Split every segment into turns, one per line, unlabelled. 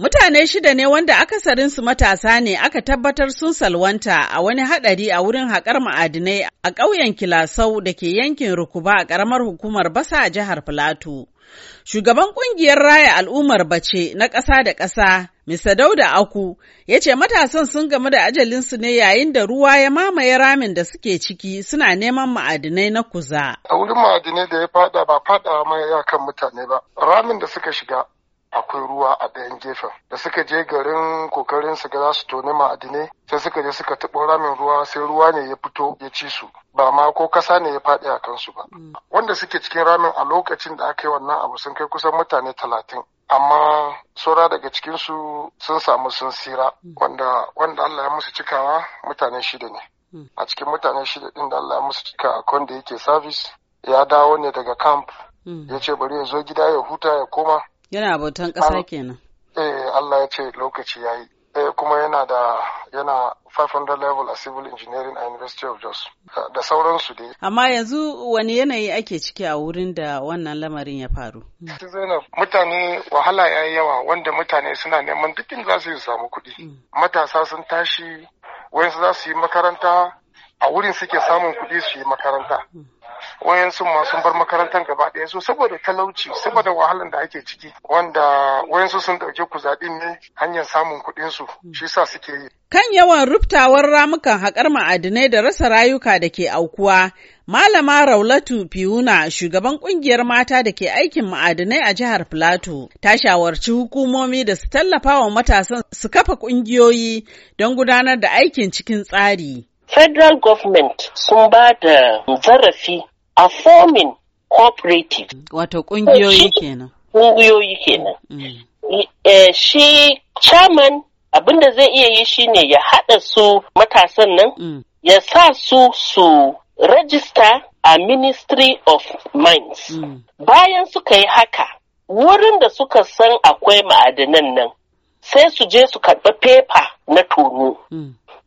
Mutane shida ne wanda su matasa ne aka tabbatar sun salwanta a wani haɗari a wurin haƙar ma'adinai a ƙauyen Kilasau da ke yankin Rukuba a ƙaramar hukumar Basa a jihar Filato. Shugaban ƙungiyar raya al'ummar bace na ƙasa da ƙasa, Mr. Dauda Aku, ya ce matasan sun gamu da ajalinsu ne yayin da ruwa ya mamaye ramin da suke ciki suna neman ma'adinai na kuza. A wurin ma'adinai
da ya fada ba fada ma ya kan mutane ba, ramin da suka shiga akwai ruwa a ɗayan gefen da suka je garin kokarin su ga za su toni ma'adinai sai suka je suka taɓo ramin ruwa sai ruwa ne ya fito ya ci su ba ma ko kasa ne ya faɗi a kansu ba mm. wanda suke cikin ramin a lokacin da aka yi wannan abu sun kai kusan mutane talatin amma saura daga cikinsu sun samu sun sira mm. wanda wanda Allah ya musu cikawa mutane shida ne mm. a cikin mutane shida din da Allah ya musu cika akwai da yake service ya dawo ne daga camp ya ce bari ya zo gida ya huta ya koma
Yana abotan ƙasa kenan.
Eh Allah ya ce lokaci ya yi. Eh, kuma yana da yana 500 level a civil engineering a University of Jos da sauransu dai.
Amma yanzu wani yanayi ake ciki a wurin da wannan lamarin ya faru?
Hmm. mutane wahala ya yi yawa wanda mutane suna neman duk za su yi samu kuɗi. Hmm. Matasa sun tashi wayansu za su yi makaranta a wurin suke samun kuɗi su yi makaranta. Hmm. wayansu masu bar makarantar gaba ɗaya su saboda talauci saboda wahalan da ake ciki wanda wayansu sun ɗauki kuzaɗin ne hanyar samun kuɗin su shi sa suke yi.
Kan yawan ruftawar ramukan haƙar ma'adinai da rasa rayuka da ke aukuwa, Malama Raulatu Fiuna, shugaban ƙungiyar mata da ke aikin ma'adinai a jihar Filato, ta shawarci hukumomi da su tallafa wa matasan su kafa ƙungiyoyi don gudanar da aikin cikin tsari.
Federal government sun ba da zarafi a forming cooperative.
Wato ƙungiyoyi kenan.
Ƙungiyoyi kenan. Mm. Eh, shi chairman abinda zai iya yi shi ne ya haɗa su matasan nan, mm. ya sa su su register a Ministry of Mines. Mm. Bayan suka yi haka, wurin da suka san akwai ma'adanan nan, sai su je su karɓi fefa na tono.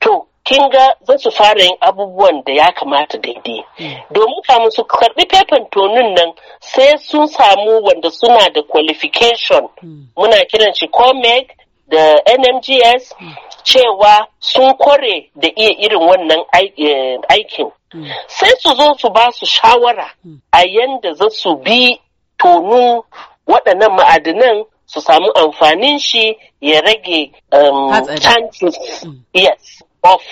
To, kin ga za su fara yin abubuwan da ya kamata daidai hmm. domin kamun su karbi fefan tonin nan sai sun samu wanda suna da qualification hmm. muna kiran shi comec da nmgs hmm. cewa sun kware da iya irin wannan eh, aikin sai su zo su ba su shawara a yanda za su bi tonu waɗannan ma'adinan su samu amfanin shi ya rage um, chances off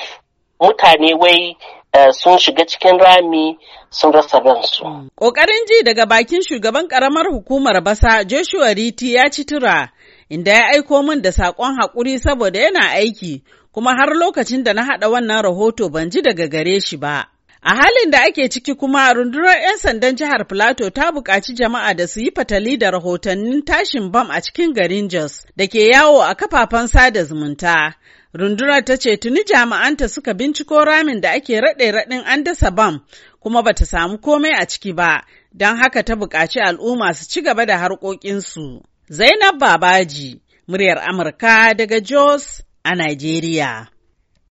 mutane wai eh, sun shiga cikin rami sun rasa ransu. Ƙoƙarin mm.
ji daga bakin shugaban ƙaramar hukumar basa Joshua Riti ya ci tura inda ya aiko min da saƙon haƙuri saboda yana aiki kuma har lokacin da na haɗa wannan rahoto ban ji daga gare shi ba. A halin da ake ciki kuma rundunar 'yan sandan jihar Filato ta buƙaci jama'a da su yi fatali da rahotannin tashin bam a cikin garin Jos da ke yawo a kafafen sada zumunta. Rundunar ta ce tuni jami'anta suka binciko ramin da ake raɗe-raɗin an dasa bam kuma bata samu komai a ciki ba, don haka ta buƙaci al'umma su ci gaba da harkokinsu. Zainab Babaji, muryar Amurka daga Jos a Najeriya.